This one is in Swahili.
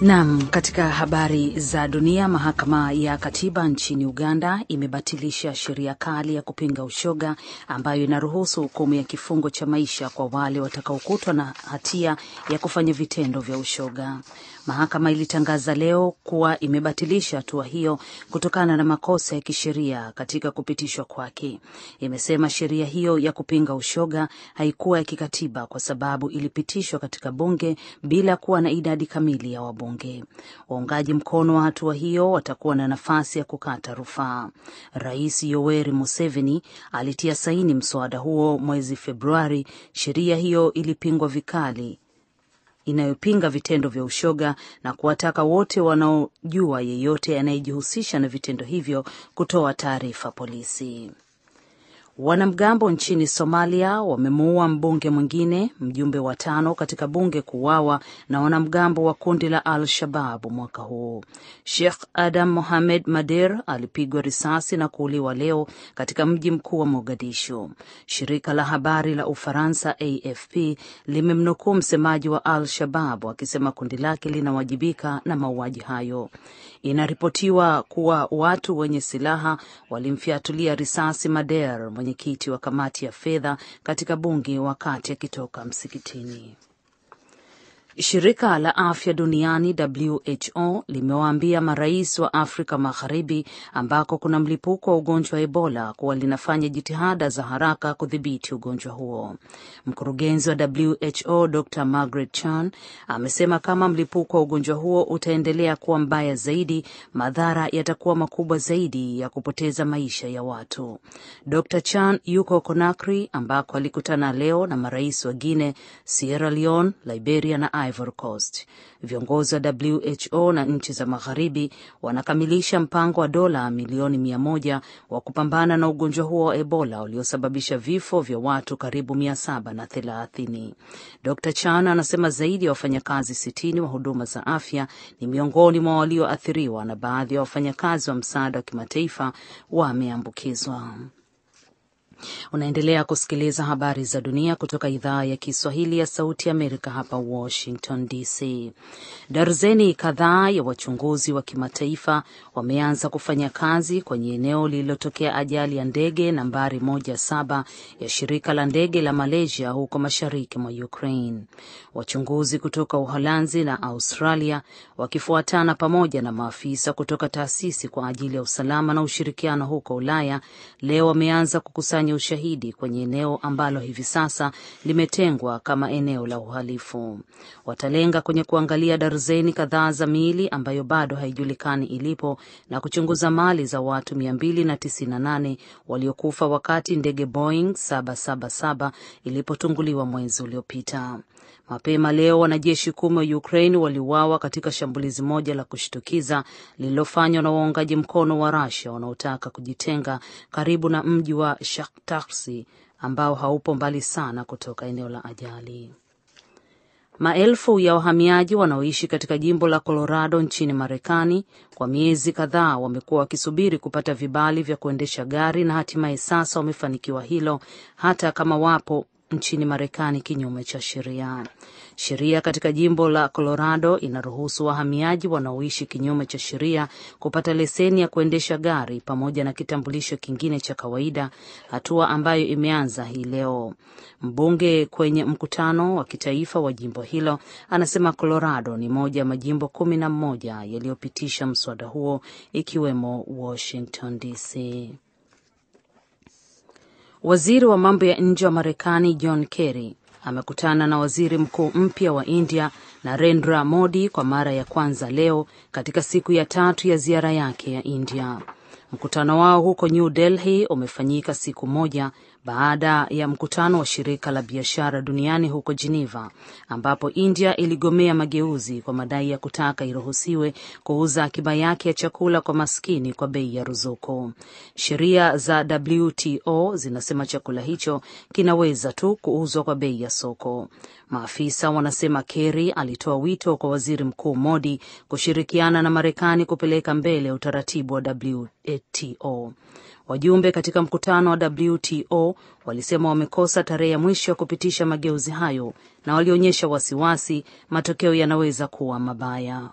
Nam, katika habari za dunia, mahakama ya katiba nchini Uganda imebatilisha sheria kali ya kupinga ushoga ambayo inaruhusu hukumu ya kifungo cha maisha kwa wale watakaokutwa na hatia ya kufanya vitendo vya ushoga. Mahakama ilitangaza leo kuwa imebatilisha hatua hiyo kutokana na makosa ya kisheria katika kupitishwa kwake. Imesema sheria hiyo ya kupinga ushoga haikuwa ya kikatiba kwa sababu ilipitishwa katika bunge bila kuwa na idadi kamili ya wabunge bunge. Waungaji mkono wa hatua hiyo watakuwa na nafasi ya kukata rufaa. Rais Yoweri Museveni alitia saini mswada huo mwezi Februari. Sheria hiyo ilipingwa vikali inayopinga vitendo vya ushoga na kuwataka wote wanaojua yeyote anayejihusisha na vitendo hivyo kutoa taarifa polisi. Wanamgambo nchini Somalia wamemuua mbunge mwingine, mjumbe wa tano katika bunge kuuawa na wanamgambo wa kundi la al shabab mwaka huu. Sheikh Adam Mohamed Mader alipigwa risasi na kuuliwa leo katika mji mkuu wa Mogadishu. Shirika la habari la Ufaransa AFP limemnukuu msemaji wa al shabab akisema kundi lake linawajibika na mauaji hayo. Inaripotiwa kuwa watu wenye silaha walimfyatulia risasi Mader mwenyekiti wa kamati ya fedha katika bunge wakati akitoka msikitini. Shirika la afya duniani WHO limewaambia marais wa Afrika Magharibi, ambako kuna mlipuko wa ugonjwa wa Ebola, kuwa linafanya jitihada za haraka kudhibiti ugonjwa huo. Mkurugenzi wa WHO Dr Margaret Chan amesema kama mlipuko wa ugonjwa huo utaendelea kuwa mbaya zaidi, madhara yatakuwa makubwa zaidi ya kupoteza maisha ya watu. Dr Chan yuko Conakry ambako alikutana leo na marais wa guine Sierra Leone, Liberia na Ivory Coast. Viongozi wa WHO na nchi za magharibi wanakamilisha mpango wa dola milioni mia moja wa kupambana na ugonjwa huo wa Ebola uliosababisha vifo vya watu karibu mia saba na thelathini. Dr Chan anasema zaidi ya wafanyakazi sitini wa huduma za afya ni miongoni mwa walioathiriwa na baadhi ya wafanyakazi wa msaada wa kimataifa wameambukizwa. Unaendelea kusikiliza habari za dunia kutoka idhaa ya Kiswahili ya Sauti Amerika hapa Washington DC. Darzeni kadhaa ya wachunguzi wa kimataifa wameanza kufanya kazi kwenye eneo lililotokea ajali ya ndege nambari 17 ya shirika la ndege la Malaysia huko mashariki mwa Ukraine. Wachunguzi kutoka Uholanzi na Australia wakifuatana pamoja na maafisa kutoka taasisi kwa ajili ya usalama na ushirikiano huko Ulaya leo wameanza kukusanya kufanya ushahidi kwenye eneo ambalo hivi sasa limetengwa kama eneo la uhalifu. Watalenga kwenye kuangalia darzeni kadhaa za miili ambayo bado haijulikani ilipo na kuchunguza mali za watu 298 waliokufa wakati ndege Boeing 777 ilipotunguliwa mwezi uliopita. Mapema leo wanajeshi kumi wa Ukraine waliuawa katika shambulizi moja la kushtukiza lililofanywa na waungaji mkono wa Russia wanaotaka kujitenga karibu na mji wa Shaktarsi ambao haupo mbali sana kutoka eneo la ajali. Maelfu ya wahamiaji wanaoishi katika jimbo la Colorado nchini Marekani kwa miezi kadhaa wamekuwa wakisubiri kupata vibali vya kuendesha gari na hatimaye sasa wamefanikiwa hilo, hata kama wapo nchini Marekani kinyume cha sheria. Sheria katika jimbo la Colorado inaruhusu wahamiaji wanaoishi kinyume cha sheria kupata leseni ya kuendesha gari pamoja na kitambulisho kingine cha kawaida, hatua ambayo imeanza hii leo. Mbunge kwenye mkutano wa kitaifa wa jimbo hilo anasema Colorado ni moja ya majimbo kumi na mmoja yaliyopitisha mswada huo ikiwemo Washington DC. Waziri wa mambo ya nje wa Marekani John Kerry amekutana na waziri mkuu mpya wa India Narendra Modi kwa mara ya kwanza leo katika siku ya tatu ya ziara yake ya India. Mkutano wao huko New Delhi umefanyika siku moja baada ya mkutano wa shirika la biashara duniani huko Geneva, ambapo India iligomea mageuzi kwa madai ya kutaka iruhusiwe kuuza akiba yake ya chakula kwa maskini kwa bei ya ruzuku. Sheria za WTO zinasema chakula hicho kinaweza tu kuuzwa kwa bei ya soko. Maafisa wanasema Kerry alitoa wito kwa waziri mkuu Modi kushirikiana na Marekani kupeleka mbele utaratibu wa WTO. Wajumbe katika mkutano wa WTO walisema wamekosa tarehe ya mwisho ya kupitisha mageuzi hayo na walionyesha wasiwasi matokeo yanaweza kuwa mabaya.